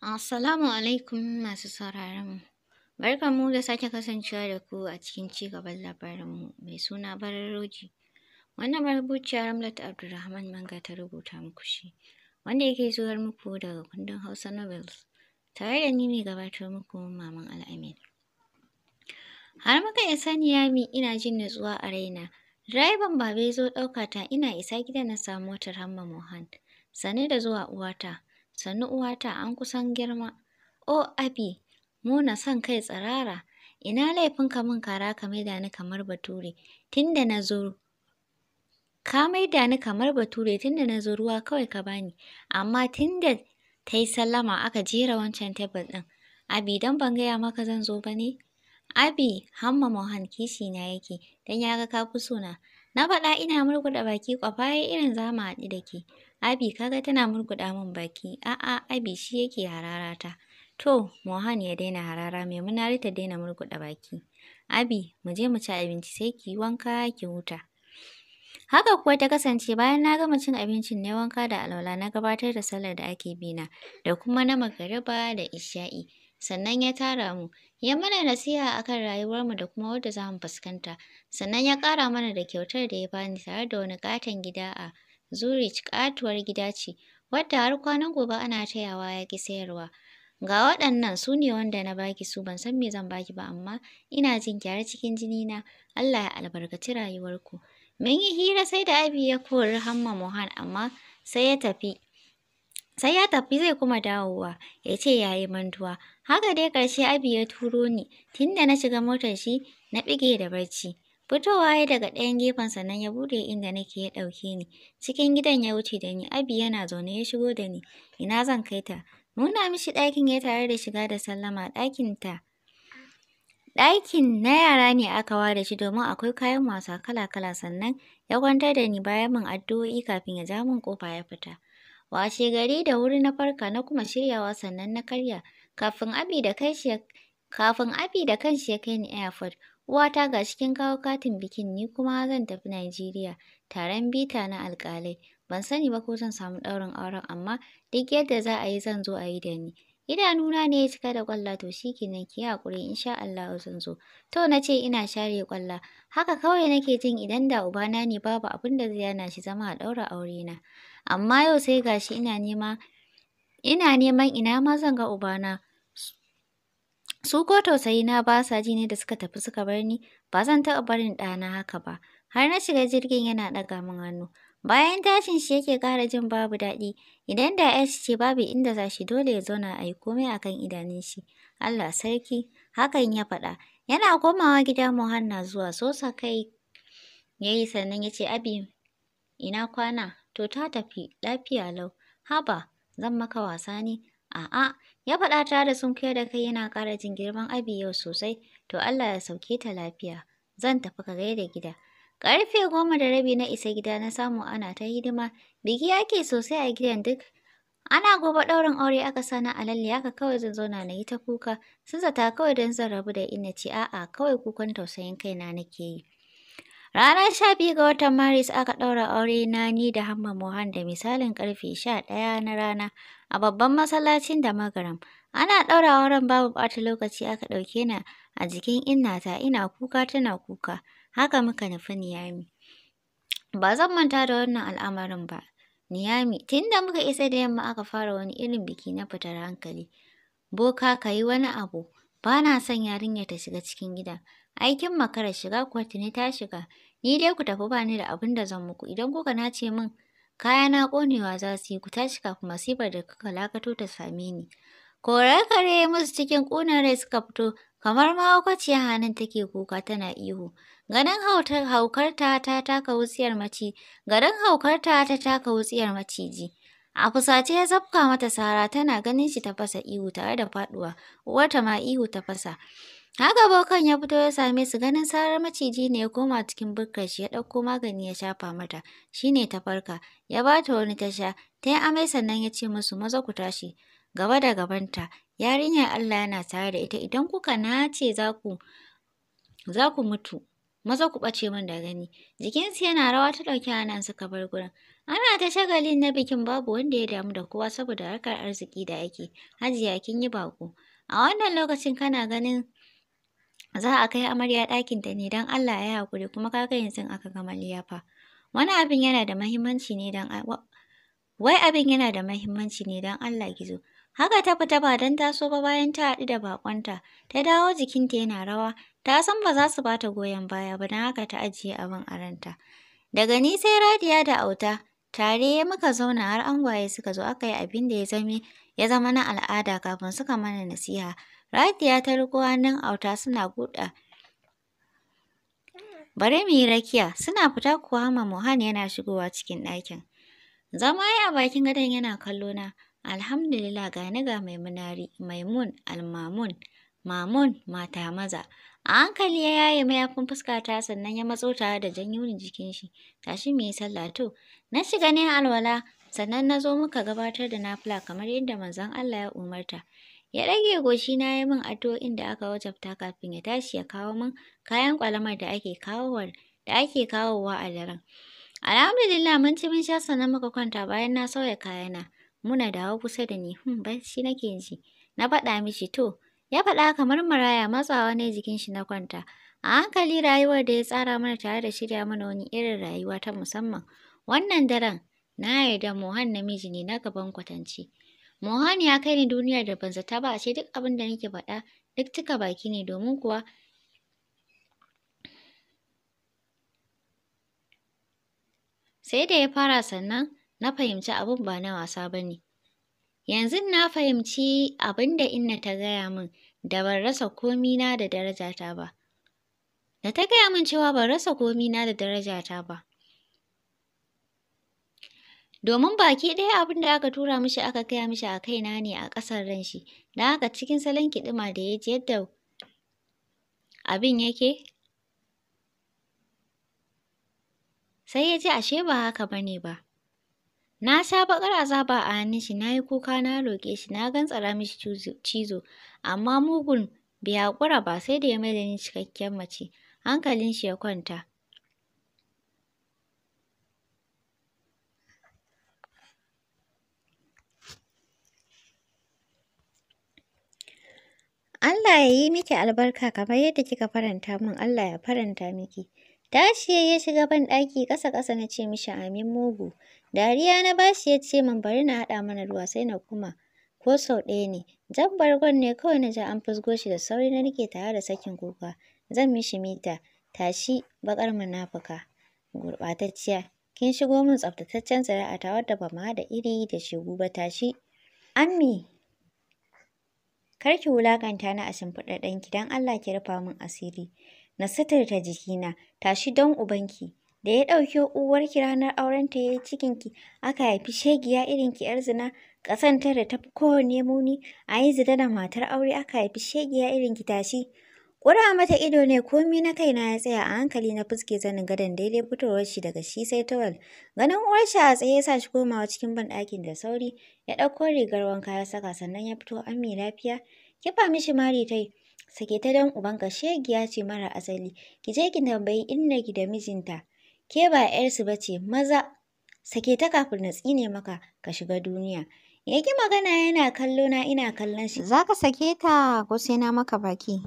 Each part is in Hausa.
Assalamu alaikum masu sauraronmu. mu da sake kasancewa da ku a cikin ci gaban labarinmu mai suna Bararoji. Wannan marubuciya Ramlat Abdulrahman Manga ta rubuta muku shi, wanda yake zuwar muku daga kundin Hausa Novels, tare da ni mai gabatar muku Maman Al'amin. Har muka ya mi ina jin natsuwa a raina. Direban baba ya zo ta ina isa gida na samu motar Hamma Mohan. Sane da zuwa uwata. sannu uwata an kusan girma. O abi, mu na son kai tsirara, ina laifinka ka min kara ka maida ni kamar bature, tun da na zo ka maida ni kamar bature tun da na zo ruwa kawai ka bani, amma tun da ta yi sallama aka jera wancan tebur ɗin. Abi don ban gaya maka zan zo ba ne? Abi, hamma Mohan kishi na yake, don ya ga ka fi sona. Na faɗa ina murguɗa baki kwafa ya irin za mu haɗu da ke. Abi kaga tana murguɗa min baki. A'a Abi shi yake harara ta To Mohan ya daina harara mai Maimuna ta daina murguɗa baki. Abi mu je mu ci abinci sai ki wanka ki huta. Haka kuwa ta kasance bayan na gama cin abincin ne wanka da alwala na gabatar da sallar da ake bina da kuma na magariba da isha'i. sannan ya tara mu, ya mana nasiha a kan rayuwarmu da kuma wadda za mu fuskanta, sannan ya ƙara mana da kyautar da ya bani tare da wani ƙaton gida a Zurich ƙatuwar gida ce, wadda har kwanan gobe ana tayawa ya ƙi sayarwa. Ga waɗannan su ne wanda na baki su ban san me zan baki ba amma ina jin gyara cikin jini na Allah ya albarkaci rayuwarku. Mun yi hira sai da Abi ya kori Hamma Mohan amma sai ya tafi Sai ya tafi zai kuma dawowa, ya ce ya yi mantuwa. Haka dai ƙarshe Abi ya turo ni, tunda na shiga motar shi, na bige da barci. Fitowa ya daga ɗayan gefen sannan ya buɗe inda nake ya ɗauke ni. Cikin gidan ya wuce da ni, Abi yana zaune ya shigo da ni. Ina zan kai ta? Nuna mishi ɗakin ya tare da shiga da sallama ɗakin ta. Ɗakin na yara ne aka ware shi domin akwai kayan wasa kala-kala sannan ya kwantar da ni bayan min addu'o'i kafin ya ja min kofa ya fita. Washe gari da wuri na farka na kuma shiryawa sannan na karya. Kafin abi da kai shi kafin abi da kanshi ya kai ni airport. Uwata ga cikin kawo katin bikin ni kuma zan tafi Najeriya taron bita na alƙalai. Ban sani ba ko zan samu ɗaurin auren amma duk yadda za a yi zan zo a yi da ni. Idanuna ne ya cika da kwalla to shi kenan ki haƙuri insha Allah zan zo. To na ce ina share kwalla Haka kawai nake jin idan da ubana ne babu abin da zai yana shi zama a ɗaura aure na. amma yau sai gashi ina nema ina neman ina ma zan ga ubana su ko tausayi na ba sa ji ne da suka tafi suka bar ni ba zan taɓa barin ɗana haka ba har na shiga jirgin yana ɗaga min hannu bayan tashin shi yake ƙara jin babu daɗi idan da s ce babu inda za shi dole ya zauna a yi komai akan idanun shi allah sarki hakan ya faɗa yana komawa gida muhanna zuwa sosa kai ya yi sannan ya ce abi ina kwana To ta tafi lafiya lau. Haba, zan maka wasa ne? A'a, ya faɗa ta da sunkuyar da kai yana ƙara jin girman abi yau sosai. To Allah ya sauke ta lafiya. Zan tafi ka gaida gida. Ƙarfe goma da rabi na isa gida na samu ana ta hidima. Biki ake sosai a gidan duk. Ana gobe ɗaurin aure aka sa a alalle haka kawai zan zauna na yi ta kuka. Sun zata kawai don zan rabu da ina ce a'a kawai kukan tausayin kaina nake yi. Ranar sha biyu ga watan Maris aka ɗaura aure na ni da Hamma Mohan da misalin ƙarfe sha ɗaya na rana a babban masallacin da magaram. Ana ɗaura auren babu ɓata lokaci aka ɗauke na a jikin inna ta, ina kuka tana kuka. Haka muka nufi Niyami. Ba zan manta da wannan al'amarin ba. Niyami, tun da muka isa da yamma aka fara wani irin biki na fitar hankali. Boka ka yi wani abu, ba na son yarinyar ta shiga cikin gida. Aikin makara shiga kuwa ta shiga, Ni dai ku tafi ba ni da abin da zan muku, idan kuka nace min kayana ƙonewa za su yi ku tashi kafin masifar da kuka lakato ta same ni. kore kare musu cikin ƙunan rai suka fito kamar mahaukaciyar hannun take kuka tana ihu. Ganin haukarta ta taka wutsiyar maci, ganin haukar ta taka wutsiyar maciji. A fusace ya zafka mata sara tana ganin shi ta fasa ihu tare da faduwa, uwarta ma ihu ta fasa. Haka bokan ya fito ya same su ganin sarar maciji ne ya koma cikin burkar shi ya ɗauko magani ya shafa mata shi ne ta farka ya ba ta wani tasha, sha ta yi amai sannan ya ce musu maza ku tashi gaba da gabanta yarinyar Allah yana tare da ita idan kuka nace za za ku mutu maza ku ɓace min da gani jikinsu yana rawa ta ɗauki anan suka bar gurin ana ta shagalin na bikin babu wanda ya damu da kowa saboda harkar arziki da ake hajiya kin yi baƙo a wannan lokacin kana ganin za a kai amarya ɗakinta ne don Allah ya haƙuri kuma kaga yanzu aka gama liyafa. Wani abin yana da mahimmanci ne don wai abin yana da mahimmanci ne don Allah gizo. Haka ta fita ba don taso ba bayan ta haɗu da baƙonta, ta dawo jikinta yana rawa, ta san ba za su ba ta goyon baya ba don haka ta ajiye abin a ranta. Daga ni sai Radiya da Auta, tare ya muka zauna har angwaye suka zo aka yi abin da ya zame ya zama na al'ada kafin suka mana nasiha. Radiya ta riko hannun auta suna buɗa. Bari mu yi rakiya, suna fita kuwa Hama Mohan yana shigowa cikin ɗakin. Zama ya a bakin gadon yana kallo na. Alhamdulillah ga ni ga Maimunari, Maimun, Almamun, Mamun, mata maza. A hankali ya yaye mayafin fuska ta sannan ya matso tare da jan jikin shi. Tashi mu yi sallah to. Na shiga ne alwala sannan na zo muka gabatar da nafila kamar yadda manzon Allah ya umarta. Ya ɗage na ya min addu'o'in inda aka wajabta kafin ya tashi ya kawo min kayan kwalamar da ake kawowa da ake kawowa a daren. Alhamdulillah mun ci mun sha sannan muka kwanta bayan na sauya kayana. Muna dawo kusa da ni, hmm, bacci nake ji. Na faɗa mishi to, ya faɗa kamar maraya matsawa ne jikin shi na kwanta. A hankali rayuwar da ya tsara mana tare da shirya mana wani irin rayuwa ta musamman. Wannan daren, na yarda Mohan namiji ne na gaban kwatance. Mohan ya kai ni duniyar da ban zata ba ashe duk abin da nake faɗa duk cika baki ne domin kuwa sai da ya fara sannan na fahimci abin ba na wasa ba ne. Yanzu na fahimci abin da Inna ta gaya min da ban rasa komina da darajata ba. Da ta gaya min cewa ban rasa komina da darajata ba. domin baki ɗaya abin da aka tura mishi aka gaya mishi a kaina ne a ƙasar ran shi da aka cikin salon kiɗima da ya ji yadda abin yake sai ya ji ashe ba haka ba ne ba na sha baƙar azaba a hannun shi na yi kuka na roƙe shi na gantsara mishi cizo amma mugun bai haƙura ba sai da ya mai da ni cikakkiyar mace hankalin shi ya kwanta Allah ya yi miki albarka kamar yadda kika faranta min Allah ya faranta miki. Tashi ya shiga ban ɗaki ƙasa-ƙasa na ce mishi amin mugu. Dariya na bashi ya ce min bari na haɗa mana ruwa sai na kuma. Ko sau ɗaya ne, jan bargon ne kawai na ji an fusgo shi da sauri na rike tare da sakin kuka. Zan mishi mita, tashi baƙar munafuka, gurɓatacciya. Kin shigo min tsaftataccen ta wadda ba ma haɗa iri da shegu ba tashi. Ammi Kar ki wulaƙanta ni a shimfiɗaɗɗen ki don Allah ki rufa min asiri. Na suturta jikina, tashi don ubanki. Da ya ɗauke uwarki ranar aurenta ya yi cikinki, aka haifi shegiya irin ki ‘yar zina, ƙasantar da ta fi kowane muni, a yi zina da matar aure aka haifi shegiya irin ki tashi. Ƙura mata ido ne komi na kaina ya tsaya a hankali na fuske zanin gadon daidai fitowar shi daga shi sai tawal. Ganin uwar shi a tsaye ya sa shi komawa cikin banɗakin da sauri, ya ɗauko rigar wanka ya saka sannan ya fito ami lafiya. Kifa mishi mari tai, sake ta don uban shegiya ce mara asali, ki je ki tambayi inna ki da mijinta. Ke ba 'yarsu ba ce, maza, sake ta kafin na tsine maka ka shiga duniya. Ya ki magana yana kallo na ina kallon shi. Za ka sake ta ko sai na maka baki.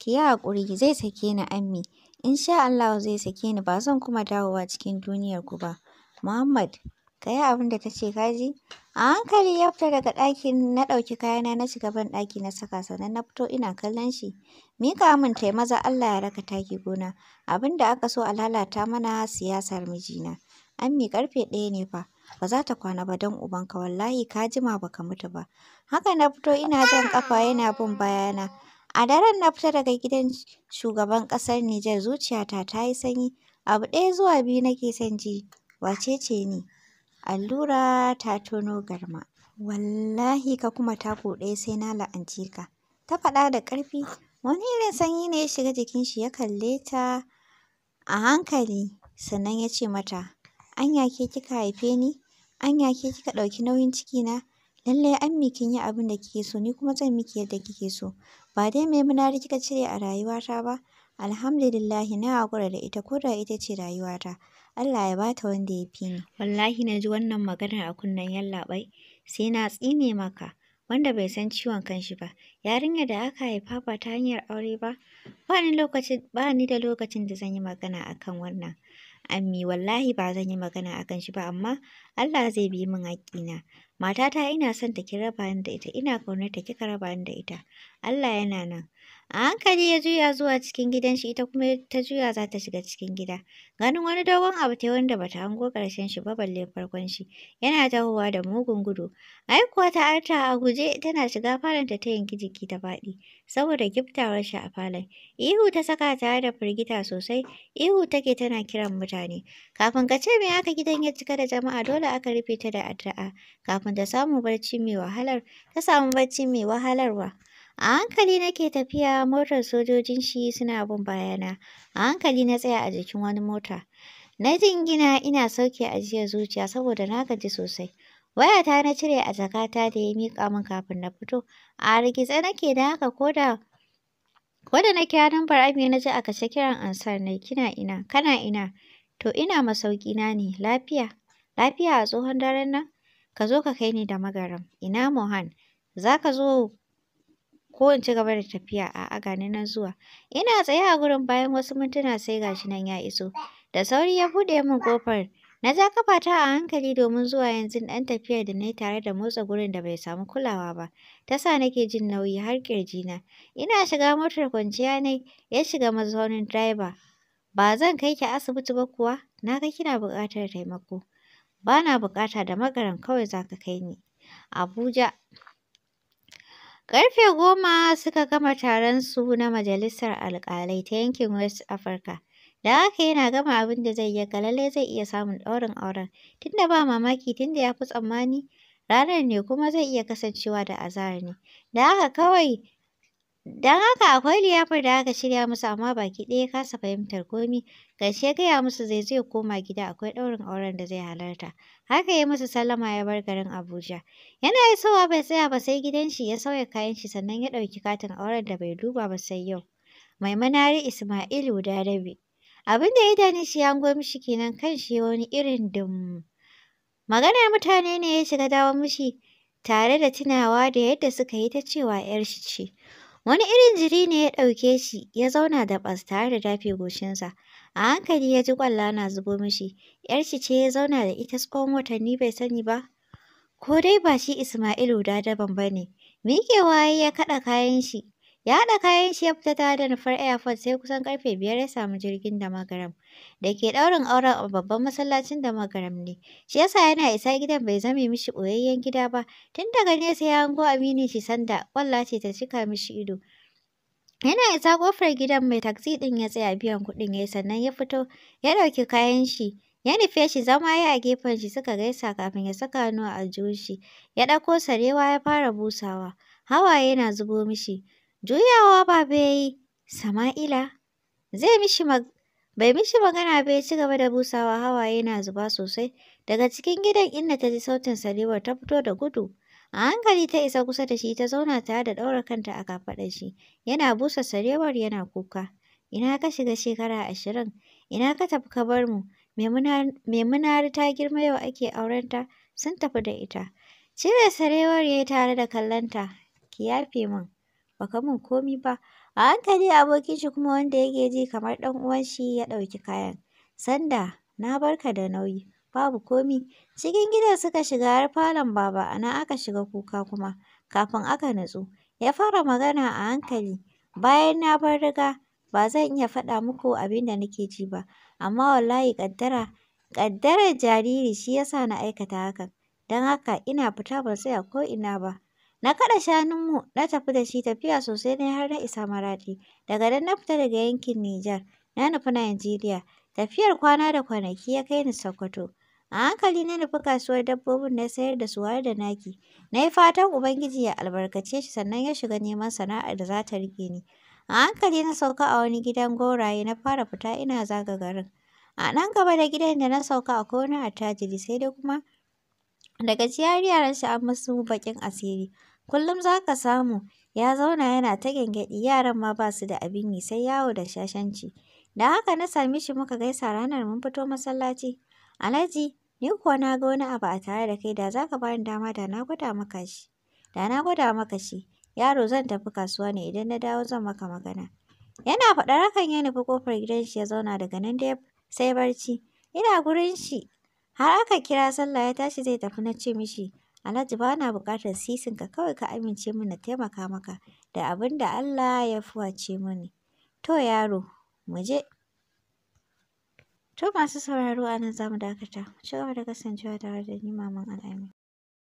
Ki yi haƙuri, zai sake ni Ammi. In sha Allahu zai sake ni ba zan kuma dawowa cikin duniyar ku ba. Muhammad, ka yi abin da ta ce ka ji? A hankali ya fita daga ɗakin na ɗauki kayana na shiga banɗaki na saka sannan na fito ina kallon shi. Mika min tai maza Allah ya raka taki gona. Abin da aka so a lalata mana siyasar mijina. Ammi karfe ɗaya ne fa. Ba za ta kwana ba don ubanka wallahi ka jima ba ka mutu ba. Haka na fito ina jan kafa yana bin bayana. A daren na fita daga gidan shugaban ƙasar Nijar zuciyata ta yi sanyi. Abu ɗaya zuwa biyu nake son ji, wace ce ni? Allura ta tono garma. Wallahi ka kuma taku ɗaya sai na la'ance ka. Ta faɗa da ƙarfi. Wani irin sanyi ne ya shiga jikin shi ya kalle ta a hankali sannan ya ce mata, Anya ke kika haife ni? Anya ke kika ɗauki nauyin cikina? Lallai Ammi kin yi abin da kike so ni kuma zan miki yadda kike so. Ba dai mai Maimuna kika cire a rayuwata ba. Alhamdulillahi na haƙura da ita ko da ita ce rayuwata. Allah ya bata wanda ya fi ni. Wallahi na ji wannan maganar a kunnen yallaɓai sai na tsine maka. Wanda bai san ciwon kanshi ba, yarinyar da aka haifa ba ta hanyar aure ba, ba ni da lokacin da zan yi magana akan wannan. ammi wallahi ba zan yi magana akan shi ba amma Allah zai bi min haƙƙina matata ina son ta ki raba da ita ina kaunar ta kika raba ni da ita Allah yana nan A hankali ya juya zuwa cikin gidan shi ita kuma ta juya za ta shiga cikin gida. Ganin wani dogon abu ta wanda bata hango karshen shi ba balle farkon shi. Yana tahowa da mugun gudu. Ai ta arta a guje tana shiga falon ta ta yanki jiki ta faɗi saboda giftawar shi a falon. Ihu ta saka tare da firgita sosai. Ihu take tana kiran mutane. Kafin ka ce me aka gidan ya cika da jama'a dole aka rufe ta da addu'a. Kafin ta samu barci mai wahalar ta samu barci mai wahalarwa. A hankali nake tafiya motar sojojin shi suna bin bayana. A hankali na tsaya a jikin wani mota. Na jingina ina sauke ajiyar zuciya saboda na gaji sosai. Wayata na cire a jakata da ya miƙa min kafin na fito. A hargitse nake da haka ko Koda na kira lambar abin na ji a kashe kiran ansar ne kina ina kana ina to ina masauki na ne lafiya lafiya a tsohon daren nan ka zo ka kai ni da magaram ina Mohan za ka zo ko in ci gaba da tafiya a'a gani na zuwa ina tsaye a gurin bayan wasu mintuna sai gashi nan ya iso da sauri ya buɗe min kofar na ja kafata a hankali domin zuwa yanzu ɗan tafiyar da na yi tare da motsa gurin da bai samu kulawa ba ta sa nake jin nauyi har na. ina shiga motar kwanciya ne ya shiga mazaunin direba ba zan kai ki asibiti ba kuwa na ga kina buƙatar taimako Bana na buƙata da magaran kawai za ka kai ni abuja karfe goma suka gama taron su na majalisar alkalai ta yankin West Africa. Da haka yana gama abin da zai yi lallai zai iya samun ɗaurin auren. Tunda ba mamaki tunda ya fi tsammani ranar ne kuma zai iya kasancewa da azahar ne. Da haka kawai Don haka akwai liyafar da aka shirya musu amma baki ɗaya ya kasa fahimtar komi. Gashi ya gaya musu zai zai koma gida akwai ɗaurin auren da zai halarta. Haka ya musu sallama ya bar garin Abuja. Yana isowa bai tsaya ba sai gidan shi ya sauya kayan shi sannan ya ɗauki katin auren da bai duba ba sai yau. Mai manari Ismailu Darabe. Abin da ya dani shi ya mishi kenan kan shi wani irin dum. Maganar mutane ne ya shiga dawo mishi tare da tunawa da yadda suka yi ta cewa 'yar shi ce. Wani irin jiri ne ya ɗauke shi ya zauna da ɓas tare da dafe goshinsa. A hankali ya ji ƙwalla na zubo mishi. ‘Yar shi ce ya zauna da ita tsawon watanni bai sani ba. Ko dai ba shi Ismailu daban ba ne. Miƙewa ya kaɗa kayan shi Ya haɗa kayan shi ya fita tare da nufar airport sai kusan karfe biyar ya samu jirgin da magaram da ke ɗaurin auren a babban masallacin da magaram ne. Shi yasa yana isa gidan bai zame mishi ɓoyayyen gida ba. Tun daga nesa ya hango Aminu shi sanda ƙwalla ce ta cika mishi ido. Yana isa ƙofar gidan mai taksi ɗin ya tsaya biyan kuɗin ya yi sannan ya fito ya ɗauki kayan shi. Ya nufe shi zama ya a gefen shi suka gaisa kafin ya saka hannu a aljihun shi. Ya ɗauko sarewa ya fara busawa. Hawaye na zubo mishi. Juyawa baba ya yi, Sama'ila, zai mishi bai mishi magana bai ci gaba da busawa hawaye na zuba sosai. Daga cikin gidan inda ta ji sautin sarewar ta fito da gudu. A hankali ta isa kusa da shi ta zauna tare da ɗaura kanta a kafaɗar shi. Yana busa sarewar yana kuka. Ina ka shiga shekara ashirin? Ina ka tafi ka bar mu? Maimunari ta girma yau ake aurenta sun tafi da ita. Cire sarewar ya yi tare da kallonta. Ki yafe min. baka mun komi ba a hankali abokin shi kuma wanda yake ji kamar ɗan uwan shi ya ɗauki kayan sanda na barka da nauyi babu komi cikin gidan suka shiga har falon baba ana aka shiga kuka kuma kafin aka nutsu. ya fara magana a hankali bayan na bar riga ba zan iya faɗa muku abin da nake ji ba amma wallahi ƙaddara jariri shi yasa na aikata hakan don haka ina fita ban tsaya ko ina ba Na kaɗa shanunmu na tafi da shi tafiya sosai ne har na isa Maradi. Daga nan na fita daga yankin Nijar, na nufi Najeriya. Tafiyar kwana da kwanaki ya kai ni Sokoto. A hankali na nufi kasuwar dabbobin na sayar da su har da naki. Na yi fatan Ubangiji ya albarkace shi sannan ya shiga neman sana'ar da za ta rike ni. A hankali na sauka a wani gidan goraye na fara fita ina zaga garin. A nan gaba da gidan da na sauka a wani attajiri sai dai kuma daga ciyar yaran shi an musu baƙin asiri. Kullum za ka samu ya zauna yana ta gyangyaɗi yaran ma ba su da abin yi sai yawo da shashanci. Da haka na same shi muka gaisa ranar mun fito masallaci. Alhaji ni kuwa na ga wani abu a tare da kai da za ka bani dama da na gwada maka shi. Da na gwada maka shi. Yaro zan tafi kasuwa ne idan na dawo zan maka magana. Yana faɗar hakan ya nufi ƙofar gidan shi ya zauna daga nan da sai barci. Ina gurin shi har aka kira sallah ya tashi zai tafi na ce mishi Alhaji ba na buƙatar sisinka kawai ka amince min na taimaka maka da abin da Allah ya fuwace mini. To yaro, mu je. To masu sauraro a nan za mu dakata. Ku ci da kasancewa tare da ni Maman Al'amin.